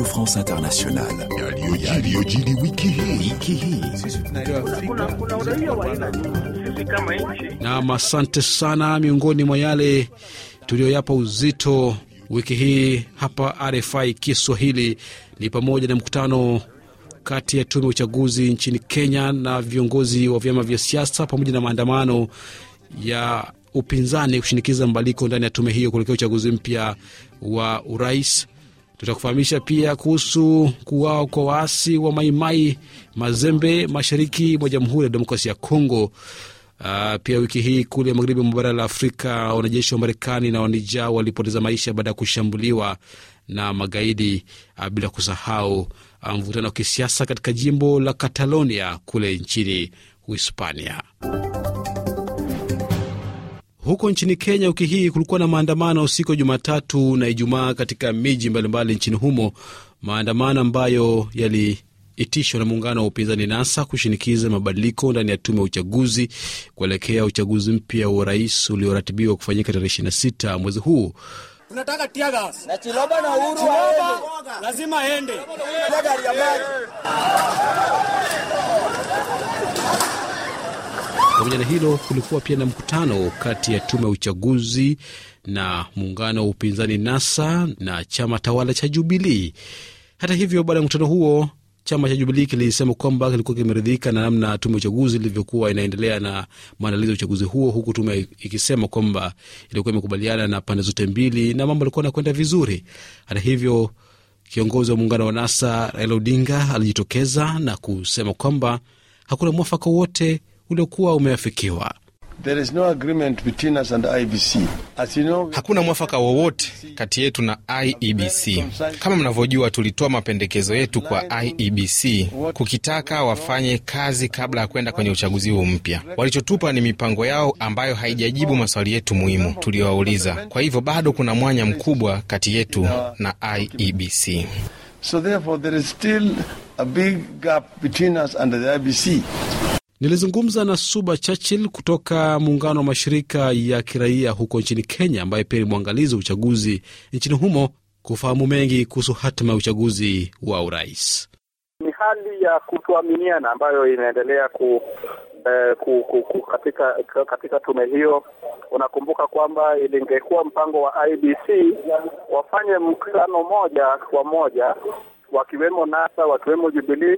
Radio France Internationale. Yaliyojiri asante sana. Miongoni mwa yale tuliyoyapa uzito wiki hii hapa RFI Kiswahili ni pamoja na mkutano kati ya tume ya uchaguzi nchini Kenya na viongozi wa vyama vya siasa pamoja na maandamano ya upinzani kushinikiza mabadiliko ndani ya tume hiyo kuelekea uchaguzi mpya wa urais. Tutakufahamisha pia kuhusu kuwao kwa waasi wa Maimai Mazembe mashariki mwa Jamhuri ya Demokrasia ya Kongo. Uh, pia wiki hii kule magharibi mwa bara la Afrika wanajeshi wa Marekani na wanija walipoteza maisha baada ya kushambuliwa na magaidi uh, bila kusahau uh, mvutano wa kisiasa katika jimbo la Catalonia kule nchini Uhispania. Huko nchini Kenya wiki hii kulikuwa na maandamano usiku wa Jumatatu na Ijumaa katika miji mbalimbali nchini humo, maandamano ambayo yaliitishwa na muungano wa upinzani NASA kushinikiza mabadiliko ndani ya tume ya uchaguzi kuelekea uchaguzi mpya wa urais ulioratibiwa kufanyika tarehe 26 mwezi huu. Tunataka tiagas na Chiloba na Uhuru lazima aende. Pamoja na hilo, kulikuwa pia na mkutano kati ya tume ya uchaguzi na muungano wa upinzani NASA na chama tawala cha Jubilii. Hata hivyo, baada ya mkutano huo chama cha Jubilii kilisema kwamba kilikuwa kimeridhika na namna tume ya uchaguzi ilivyokuwa inaendelea na maandalizi ya uchaguzi huo, huku tume ikisema kwamba ilikuwa imekubaliana na pande zote mbili na mambo yalikuwa yanakwenda vizuri. Hata hivyo, kiongozi wa muungano wa NASA Raila Odinga alijitokeza na kusema kwamba hakuna mwafaka wote uliokuwa umeafikiwa. There is no agreement between us and IBC. As you know, hakuna mwafaka wowote kati yetu na IEBC. Kama mnavyojua, tulitoa mapendekezo yetu kwa IEBC kukitaka wafanye kazi kabla ya kwenda kwenye uchaguzi huu mpya. Walichotupa ni mipango yao ambayo haijajibu maswali yetu muhimu tuliyowauliza. Kwa hivyo bado kuna mwanya mkubwa kati yetu na IEBC. So therefore there is still a big gap between us and the IBC. Nilizungumza na Suba Churchill kutoka muungano wa mashirika ya kiraia huko nchini Kenya, ambaye pia ni mwangalizi wa uchaguzi nchini humo, kufahamu mengi kuhusu hatima ya uchaguzi wa urais. Ni hali ya kutoaminiana ambayo inaendelea ku, eh, ku, ku, ku katika katika tume hiyo. Unakumbuka kwamba ilingekuwa mpango wa IBC wafanye mkutano moja kwa moja, wakiwemo NASA, wakiwemo Jubilee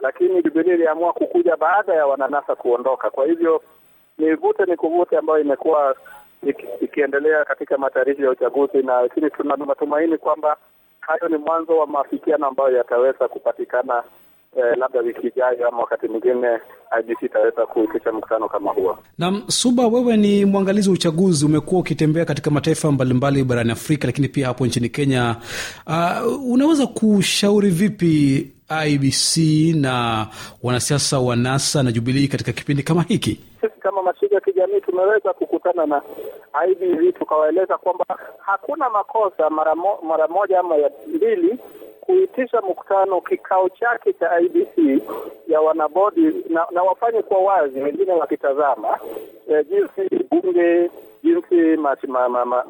lakini jubilii iliamua kukuja baada ya wananasa kuondoka. Kwa hivyo ni vute ni kuvute ambayo imekuwa iki, ikiendelea katika matayarisho ya uchaguzi, na lakini tuna matumaini kwamba hayo ni mwanzo wa maafikiano ambayo yataweza kupatikana eh, labda wiki ijayo ama wakati mwingine IBC itaweza kuitisha mkutano kama huo. Naam, Suba, wewe ni mwangalizi wa uchaguzi, umekuwa ukitembea katika mataifa mbalimbali barani Afrika, lakini pia hapo nchini Kenya. Uh, unaweza kushauri vipi IBC na wanasiasa wa NASA na jubilii katika kipindi kama hiki? Sisi kama mashirika ya kijamii tumeweza kukutana na IBC tukawaeleza kwamba hakuna makosa mara mo, mara moja ama ya mbili kuitisha mkutano kikao chake cha IBC ya wanabodi na, na wafanye kwa wazi, wengine wakitazama e, jinsi bunge jinsi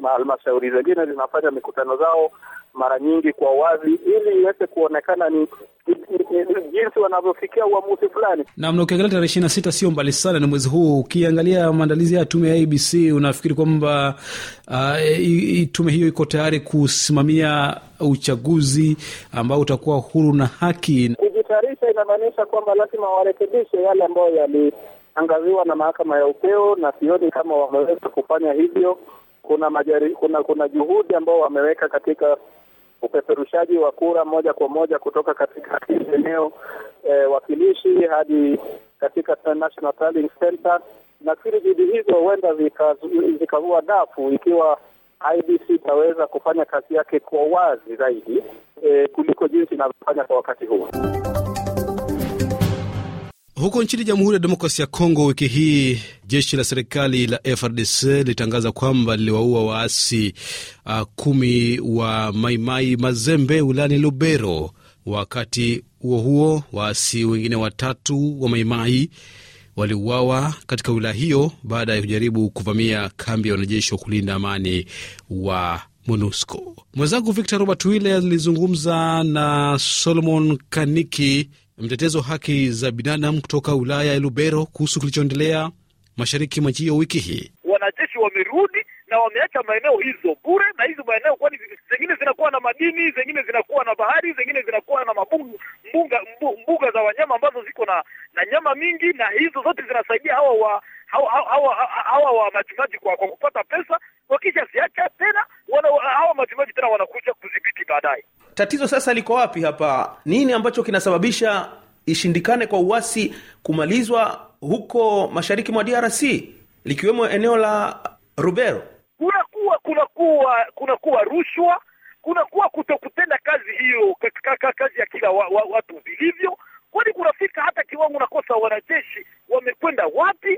halmashauri zingine zinafanya mikutano zao mara nyingi kwa wazi, ili iweze kuonekana ni jinsi wanavyofikia uamuzi fulani. na ukiangalia tarehe ishirini na sita sio mbali sana, ni mwezi huu. Ukiangalia maandalizi ya tume ya ABC, unafikiri kwamba uh, tume hiyo iko tayari kusimamia uchaguzi ambao utakuwa huru na haki? Kujitayarisha inamaanisha kwamba lazima warekebishe yale ambayo yali angaziwa na mahakama ya upeo, na sioni kama wameweza kufanya hivyo. Kuna majari, kuna kuna juhudi ambao wameweka katika upeperushaji wa kura moja kwa moja kutoka katika eneo e, wakilishi hadi katika National Tallying Center. Nafikiri juhudi hizo huenda zikavua dafu ikiwa IBC itaweza kufanya kazi yake kwa wazi zaidi e, kuliko jinsi inavyofanya kwa wakati huu. Huko nchini Jamhuri ya demokrasi ya Kongo, wiki hii jeshi la serikali la FRDC lilitangaza kwamba liliwaua waasi uh, kumi wa Maimai mai Mazembe wilani Lubero. Wakati huo huo, waasi wengine watatu wa Maimai waliuawa katika wilaya hiyo baada ya kujaribu kuvamia kambi ya wanajeshi wa kulinda amani wa MONUSCO. Mwenzangu Victor Robert Wille alizungumza na Solomon Kaniki mtetezo wa haki za binadamu kutoka wilaya ya Lubero kuhusu kilichoendelea mashariki mwa nchi hiyo wiki hii. Wanajeshi wamerudi na wameacha maeneo hizo bure, na hizo maeneo kwani zengine zinakuwa na madini, zengine zinakuwa na bahari, zengine zinakuwa na mabungu, mbuga, mbu, mbuga za wanyama ambazo ziko na, na nyama mingi, na hizo zote zinasaidia hawa wa hawa, wa majimaji kwa, kwa kupata pesa. Wakisha ziacha tena hawa majimaji tena wanakuja kudhibiti baadaye. Tatizo sasa liko wapi hapa? Nini ambacho kinasababisha ishindikane kwa uwasi kumalizwa huko mashariki mwa DRC likiwemo eneo la Rubero? Kunakuwa kunakuwa kunakuwa rushwa, kunakuwa kutokutenda kazi hiyo, kazi ya kila wa, wa, watu vilivyo, kwani kunafika hata kiwango nakosa wanajeshi wamekwenda wapi?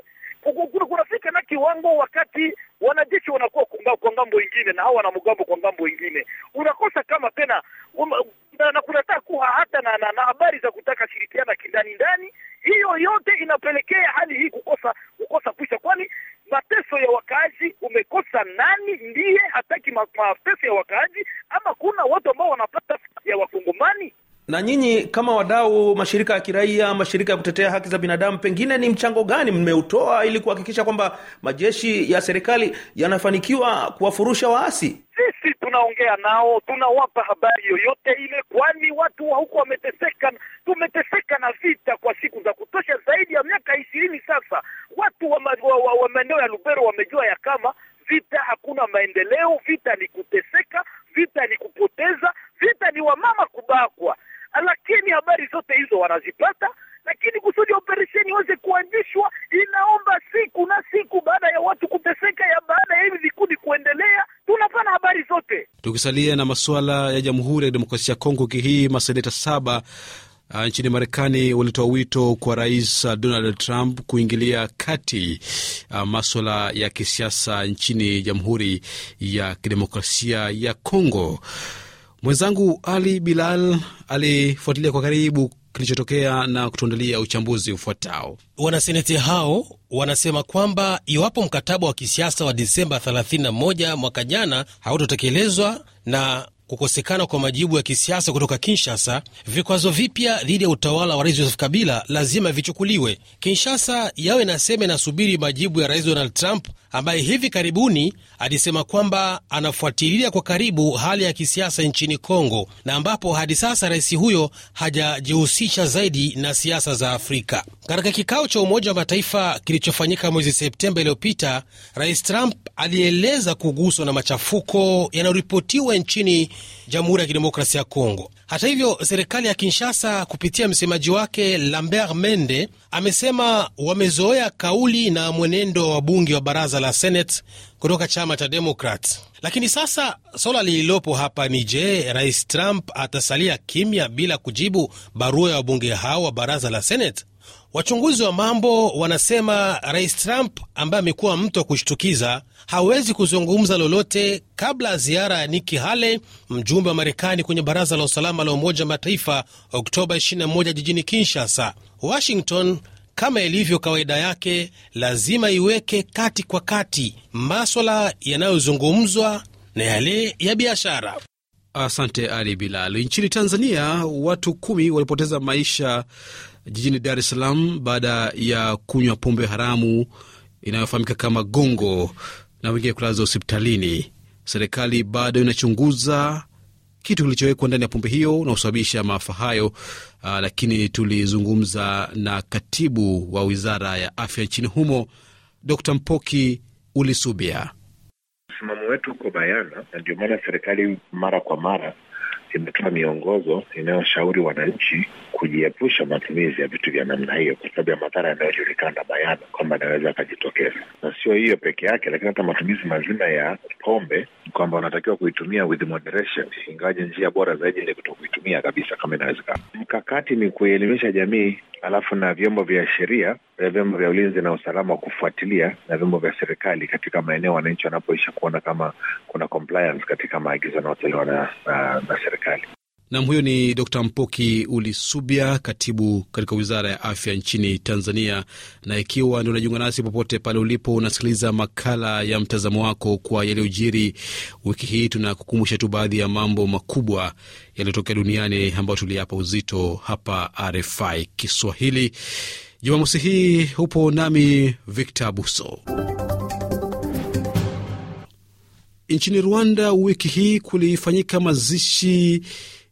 kunafika na kiwango wakati wanajeshi wanakuwa kwa ngambo ingine na hao wanamgambo kwa ngambo ingine, unakosa kama tena um, na, na kunataka kuwa hata na, na, na habari za kutaka shirikiana kindani ndani. Hiyo yote inapelekea hali hii kukosa kukosa kwisha, kwani mateso ya wakaaji umekosa nani ndiye hataki ma, mateso ya wakaaji ama kuna watu ambao wanapa na nyinyi kama wadau, mashirika ya kiraia, mashirika ya kutetea haki za binadamu, pengine ni mchango gani mmeutoa ili kuhakikisha kwamba majeshi ya serikali yanafanikiwa kuwafurusha waasi? Sisi tunaongea nao, tunawapa habari yoyote ile, kwani watu wa huko wameteseka. Tumeteseka na vita kwa siku za kutosha, zaidi ya miaka ishirini sasa. Watu wa, wa, wa, wa maeneo ya Lubero wamejua ya kama vita hakuna maendeleo, vita ni kuteseka, vita ni kupotea Tukisalia na masuala ya Jamhuri ya Kidemokrasia ya Kongo, wiki hii maseneta saba uh, nchini Marekani walitoa wito kwa Rais uh, Donald Trump kuingilia kati uh, maswala ya kisiasa nchini Jamhuri ya Kidemokrasia ya Kongo. Mwenzangu Ali Bilal alifuatilia kwa karibu kilichotokea na kutuandalia uchambuzi ufuatao. Wanaseneti hao wanasema kwamba iwapo mkataba wa kisiasa wa Disemba 31 mwaka jana hautotekelezwa na kukosekana kwa majibu ya kisiasa kutoka Kinshasa, vikwazo vipya dhidi ya utawala wa Rais Joseph Kabila lazima vichukuliwe. Kinshasa yawe nasema inasubiri majibu ya Rais Donald Trump ambaye hivi karibuni alisema kwamba anafuatilia kwa karibu hali ya kisiasa nchini Kongo na ambapo hadi sasa rais huyo hajajihusisha zaidi na siasa za Afrika. Katika kikao cha Umoja wa Mataifa kilichofanyika mwezi Septemba iliyopita, Rais Trump alieleza kuguswa na machafuko yanayoripotiwa nchini Jamhuri ya Kidemokrasia ya Kongo. Hata hivyo, serikali ya Kinshasa kupitia msemaji wake Lambert Mende amesema wamezoea kauli na mwenendo wa wabunge wa baraza la Senate kutoka chama cha Demokrat. Lakini sasa swala lililopo hapa ni je, Rais Trump atasalia kimya bila kujibu barua ya wabunge hao wa baraza la Senate? Wachunguzi wa mambo wanasema Rais Trump ambaye amekuwa mtu wa kushtukiza hawezi kuzungumza lolote kabla ya ziara ya Nikki Haley, mjumbe wa Marekani kwenye baraza la usalama la Umoja wa Mataifa, Oktoba 21 jijini Kinshasa. Washington kama ilivyo kawaida yake, lazima iweke kati kwa kati maswala yanayozungumzwa na yale ya biashara. Asante Ali Bilal. Nchini Tanzania, watu kumi walipoteza maisha jijini Dar es Salaam baada ya kunywa pombe haramu inayofahamika kama gongo na wengine kulaza hospitalini. Serikali bado inachunguza kitu kilichowekwa ndani ya pombe hiyo na kusababisha maafa hayo. Uh, lakini tulizungumza na katibu wa wizara ya afya nchini humo Dr. Mpoki Ulisubia. Msimamo wetu uko bayana, na ndio maana serikali mara kwa mara imetoa miongozo inayoshauri wananchi kujiepusha matumizi ya vitu vya namna hiyo, kwa sababu ya madhara yanayojulikana bayana kwamba anaweza akajitokeza. Na sio hiyo peke yake, lakini hata matumizi mazima ya pombe kwamba unatakiwa kuitumia with moderation, ingawaje njia bora zaidi ni kuto kuitumia kabisa kama inawezekana. Mkakati ni kuielimisha jamii alafu na vyombo vya sheria, eh, vyombo vya ulinzi na usalama wa kufuatilia na vyombo vya serikali katika maeneo wananchi wanapoisha kuona kama kuna compliance katika maagizo yanaotolewa na, na, na serikali. Nam, huyo ni Dr Mpoki ulisubia katibu katika wizara ya afya nchini Tanzania. Na ikiwa ndio unajiunga nasi popote pale ulipo, unasikiliza makala ya mtazamo wako kwa yaliyojiri wiki hii, tunakukumbusha tu baadhi ya mambo makubwa yaliyotokea duniani ambayo tuliapa uzito hapa RFI Kiswahili Jumamosi hii. Hupo nami Victor Buso. Nchini Rwanda wiki hii kulifanyika mazishi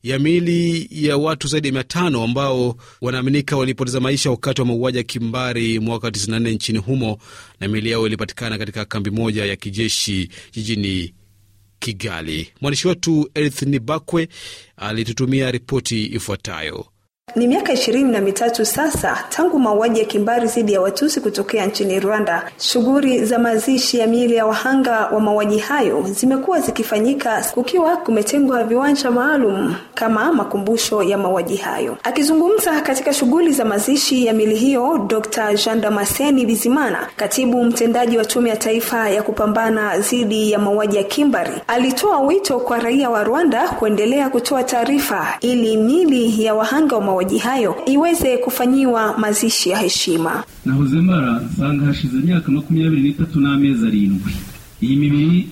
ya miili ya watu zaidi ya mia tano ambao wanaaminika walipoteza maisha wakati wa mauaji ya kimbari mwaka 94 nchini humo, na miili yao ilipatikana katika kambi moja ya kijeshi jijini Kigali. Mwandishi wetu Edith Bakwe alitutumia ripoti ifuatayo. Ni miaka ishirini na mitatu sasa tangu mauaji ya kimbari dhidi ya Watusi kutokea nchini Rwanda. Shughuli za mazishi ya miili ya wahanga wa mauaji hayo zimekuwa zikifanyika kukiwa kumetengwa viwanja maalum kama makumbusho ya mauaji hayo. Akizungumza katika shughuli za mazishi ya miili hiyo, Dr. Jean Damascene Bizimana, katibu mtendaji wa Tume ya Taifa ya Kupambana dhidi ya Mauaji ya Kimbari, alitoa wito kwa raia wa Rwanda kuendelea kutoa taarifa ili miili ya wahanga wa mauaji hayo iweze kufanyiwa mazishi ya heshima nahoze mara sanga hashize imyaka makumyabiri n'itatu n'amezi arindwi iyi mibiri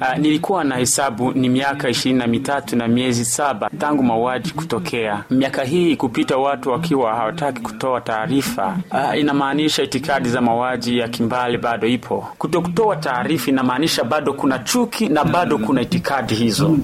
Uh, nilikuwa na hesabu ni miaka ishirini na mitatu na miezi saba tangu mauaji kutokea. Miaka hii kupita watu wakiwa hawataki kutoa taarifa, uh, inamaanisha itikadi za mauaji ya kimbali bado ipo. Kuto kutoa taarifa inamaanisha bado kuna chuki na bado kuna itikadi hizo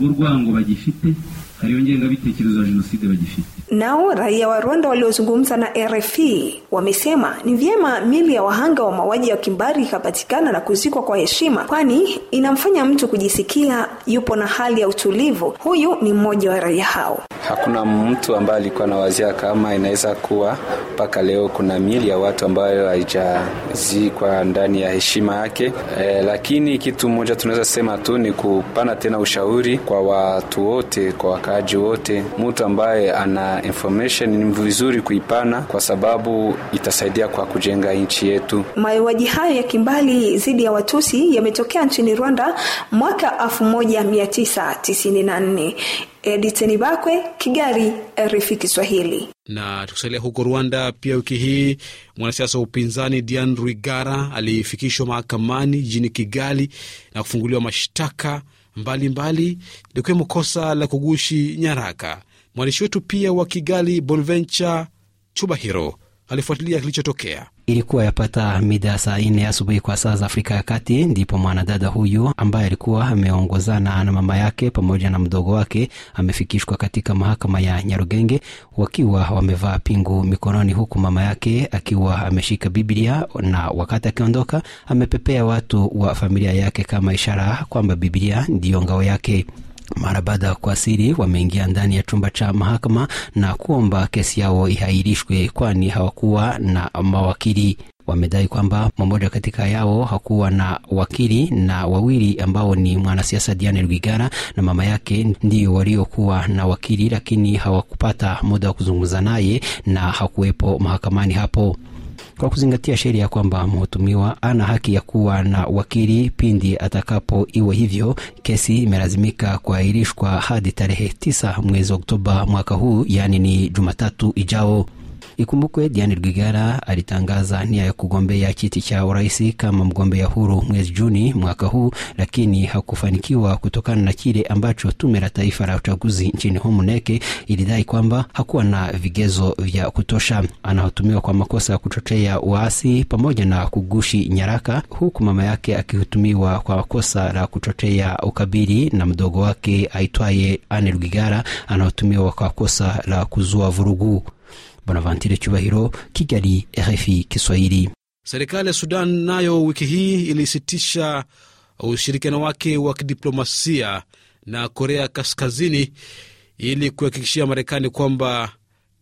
ariyo ngengabitekerezo ya jenoside bagifite. Nao raia wa Rwanda waliozungumza na RFI wamesema ni vyema mili ya wahanga wa mauaji ya kimbari ikapatikana na kuzikwa kwa heshima, kwani inamfanya mtu kujisikia yupo na hali ya utulivu. Huyu ni mmoja wa raia hao hakuna mtu ambaye alikuwa anawazia kama inaweza kuwa mpaka leo kuna mili ya watu ambayo haijazikwa ndani ya heshima yake. E, lakini kitu mmoja tunaweza sema tu ni kupana tena ushauri kwa watu wote, kwa wakaaji wote. Mtu ambaye ana information ni vizuri kuipana, kwa sababu itasaidia kwa kujenga nchi yetu. Mauaji hayo ya kimbali dhidi ya Watusi yametokea nchini Rwanda mwaka 1994. Editeni Bakwe, Kigali, RFI Kiswahili. Na tukisalia huko Rwanda, pia wiki hii mwanasiasa wa upinzani Dian Rwigara alifikishwa mahakamani jijini Kigali na kufunguliwa mashtaka mbalimbali likiwemo kosa la kugushi nyaraka. Mwandishi wetu pia wa Kigali, Bonvencha Chubahiro, alifuatilia kilichotokea ilikuwa yapata mida saa nne asubuhi kwa saa za Afrika ya Kati, ndipo mwanadada huyu ambaye alikuwa ameongozana na mama yake pamoja na mdogo wake amefikishwa katika mahakama ya Nyarugenge wakiwa wamevaa pingu mikononi, huku mama yake akiwa ameshika Biblia na wakati akiondoka amepepea watu wa familia yake kama ishara kwamba Biblia ndiyo ngao yake mara baada ya kuasiri wameingia ndani ya chumba cha mahakama na kuomba kesi yao ihairishwe, kwani hawakuwa na mawakili. Wamedai kwamba mmoja katika yao hakuwa na wakili na wawili ambao ni mwanasiasa Diane Rwigara na mama yake ndio waliokuwa na wakili, lakini hawakupata muda wa kuzungumza naye na hakuwepo mahakamani hapo kwa kuzingatia sheria kwamba mhutumiwa ana haki ya kuwa na wakili pindi atakapo. Iwe hivyo, kesi imelazimika kuahirishwa hadi tarehe 9 mwezi Oktoba mwaka huu, yani ni Jumatatu ijao. Ikumbukwe Diane Rwigara alitangaza nia ya kugombea kiti cha urais kama mgombea huru mwezi Juni mwaka huu, lakini hakufanikiwa kutokana na kile ambacho tume la taifa la uchaguzi nchini humu neke ilidai kwamba hakuwa na vigezo vya kutosha. Anahutumiwa kwa makosa ya kuchochea uasi pamoja na kugushi nyaraka, huku mama yake akihutumiwa kwa kosa la kuchochea ukabili na mdogo wake aitwaye Anne Rwigara anahutumiwa kwa kosa la kuzua vurugu. Bonaventure Cyubahiro, Kigali, RFI Kiswahili. Serikali ya Sudan nayo wiki hii ilisitisha ushirikiano wake wa kidiplomasia na Korea Kaskazini ili kuhakikishia Marekani kwamba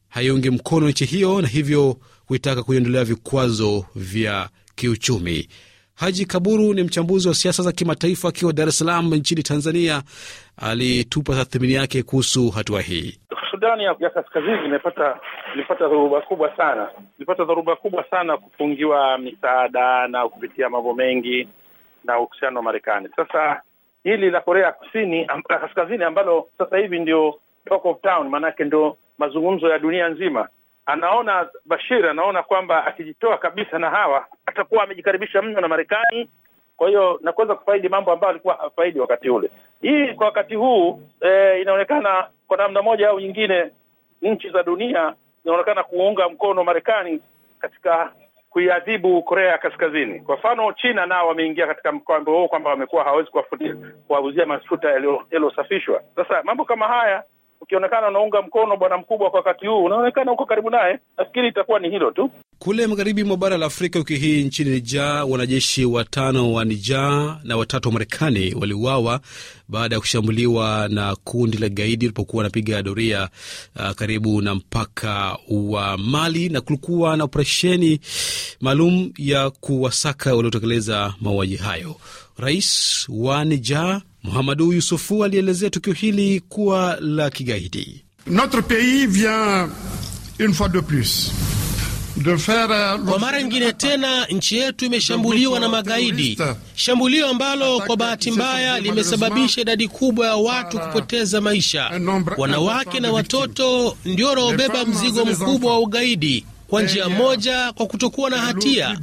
haiungi mkono nchi hiyo na hivyo kuitaka kuiondolea vikwazo vya kiuchumi. Haji Kaburu ni mchambuzi wa siasa za kimataifa akiwa Dar es Salaam nchini Tanzania, alitupa tathmini yake kuhusu hatua hii. Sudani ya, ya kaskazini imepata ilipata dhoruba kubwa sana, ilipata dhoruba kubwa sana kufungiwa misaada na kupitia mambo mengi na uhusiano wa Marekani. Sasa hili la Korea Kusini am, kaskazini ambalo sasa hivi ndio talk of town, maanake ndio mazungumzo ya dunia nzima, anaona Bashir anaona kwamba akijitoa kabisa na hawa atakuwa amejikaribisha mno na Marekani, kwa hiyo na kuweza kufaidi mambo ambayo alikuwa afaidi wakati ule. Hii kwa wakati huu e, inaonekana kwa namna moja au nyingine nchi za dunia zinaonekana kuunga mkono Marekani katika kuiadhibu Korea ya Kaskazini. Kwa mfano, China nao wameingia katika mkwambo huo kwamba wamekuwa hawawezi kuwauzia mafuta yaliyosafishwa. Sasa mambo kama haya ukionekana unaunga mkono bwana mkubwa kwa wakati huu, unaonekana uko karibu naye. Nafikiri itakuwa ni hilo tu. Kule magharibi mwa bara la Afrika, wiki hii nchini nija wanajeshi watano wa nija na watatu wa Marekani waliuawa baada ya kushambuliwa na kundi la gaidi walipokuwa wanapiga doria uh, karibu na mpaka wa Mali, na kulikuwa na operesheni maalum ya kuwasaka waliotekeleza mauaji hayo. Rais wa Niger Muhamadu Yusufu alielezea tukio hili kuwa la kigaidi. Notre pays vient une fois de plus kwa mara nyingine tena nchi yetu imeshambuliwa na magaidi, shambulio ambalo kwa bahati mbaya limesababisha idadi kubwa ya watu kupoteza maisha. Wanawake na watoto ndio wanaobeba mzigo mkubwa wa ugaidi, kwa njia moja kwa kutokuwa na hatia,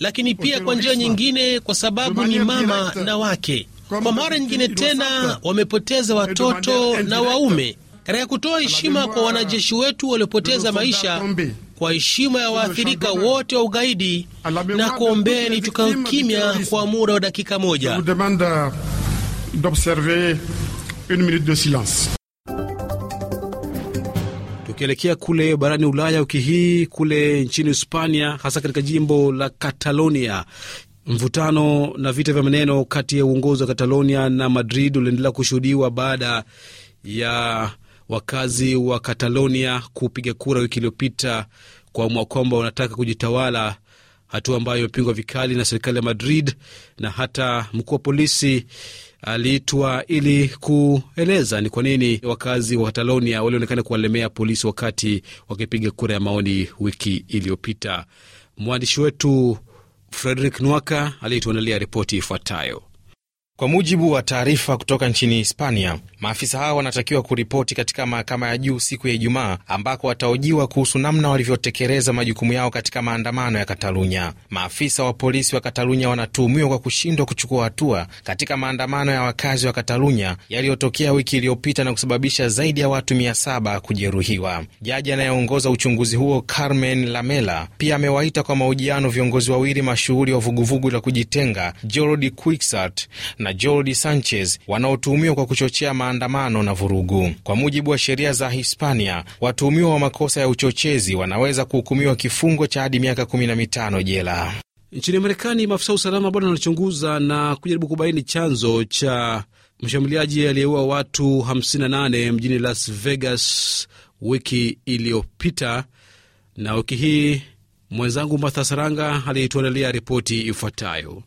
lakini pia kwa njia nyingine kwa sababu ni mama na wake kwa mara nyingine tena wamepoteza watoto na waume. Katika kutoa heshima kwa wanajeshi wetu waliopoteza maisha, kwa heshima ya waathirika wote wa ugaidi, na kuombeni tukao kimya kwa muda wa dakika moja. Tukielekea kule barani Ulaya wiki hii, kule nchini Hispania, hasa katika jimbo la Catalonia, Mvutano na vita vya maneno kati ya uongozi wa Catalonia na Madrid uliendelea kushuhudiwa baada ya wakazi wa Catalonia kupiga kura wiki iliyopita kuamua kwamba wanataka kujitawala, hatua ambayo imepingwa vikali na serikali ya Madrid, na hata mkuu wa polisi aliitwa ili kueleza ni kwa nini wakazi wa Katalonia walionekana kuwalemea polisi wakati wakipiga kura ya maoni wiki iliyopita. Mwandishi wetu Frederick Nwaka aliyetuandalia ripoti ifuatayo. Kwa mujibu wa taarifa kutoka nchini Hispania, maafisa hao wanatakiwa kuripoti katika mahakama ya juu siku ya Ijumaa, ambako wataojiwa kuhusu namna walivyotekeleza majukumu yao katika maandamano ya Katalunya. Maafisa wa polisi wa Katalunya wanatuhumiwa kwa kushindwa kuchukua hatua katika maandamano ya wakazi wa Katalunya yaliyotokea wiki iliyopita na kusababisha zaidi ya watu mia saba kujeruhiwa. Jaji anayeongoza uchunguzi huo Carmen Lamela pia amewaita kwa mahojiano viongozi wawili mashuhuri wa vuguvugu la kujitenga Jordi Cuixart na na Jordi Sanchez wanaotuhumiwa kwa kuchochea maandamano na vurugu. Kwa mujibu wa sheria za Hispania, watuhumiwa wa makosa ya uchochezi wanaweza kuhukumiwa kifungo cha hadi miaka 15 jela. Nchini Marekani, maafisa wa usalama bado wanachunguza na kujaribu kubaini chanzo cha mshambuliaji aliyeua watu 58 mjini Las Vegas wiki iliyopita. Na wiki hii mwenzangu Martha Saranga aliyetuandalia ripoti ifuatayo.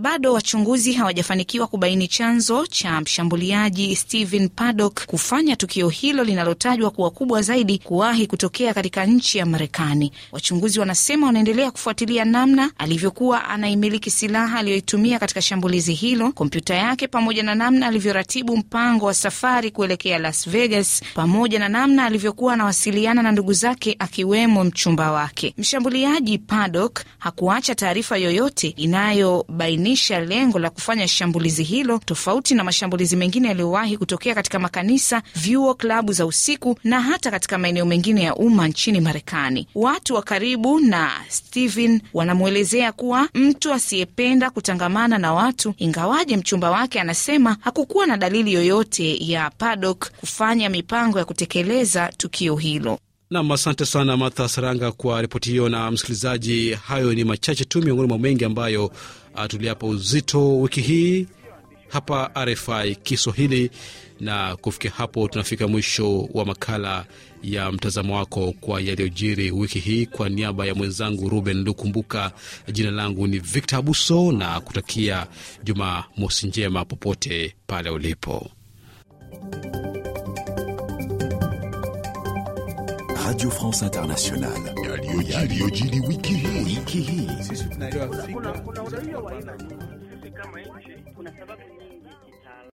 Bado wachunguzi hawajafanikiwa kubaini chanzo cha mshambuliaji Stephen Paddock kufanya tukio hilo linalotajwa kuwa kubwa zaidi kuwahi kutokea katika nchi ya Marekani. Wachunguzi wanasema wanaendelea kufuatilia namna alivyokuwa anaimiliki silaha aliyoitumia katika shambulizi hilo, kompyuta yake, pamoja na namna alivyoratibu mpango wa safari kuelekea Las Vegas, pamoja na namna alivyokuwa anawasiliana na ndugu zake akiwemo mchumba wake. Mshambuliaji Paddock hakuacha taarifa yoyote inayobaini kumaanisha lengo la kufanya shambulizi hilo, tofauti na mashambulizi mengine yaliyowahi kutokea katika makanisa, vyuo, klabu za usiku na hata katika maeneo mengine ya umma nchini Marekani. Watu wa karibu na Steven wanamwelezea kuwa mtu asiyependa kutangamana na watu, ingawaje mchumba wake anasema hakukuwa na dalili yoyote ya Paddock kufanya mipango ya kutekeleza tukio hilo. Nam, asante sana Martha Saranga kwa ripoti hiyo. Na msikilizaji, hayo ni machache tu miongoni mwa mengi ambayo ah, tuliapa uzito wiki hii hapa RFI Kiswahili. Na kufikia hapo, tunafika mwisho wa makala ya mtazamo wako kwa yaliyojiri wiki hii. Kwa niaba ya mwenzangu Ruben Lukumbuka, jina langu ni Victor Abuso na kutakia Jumamosi njema popote pale ulipo. Radio France Internationale. Yaliyojiri wiki hii. Sisi tunaelewa Kuna, kuna, kuna, kuna, kuna, kuna, kuna, kuna, kuna, kuna, kuna,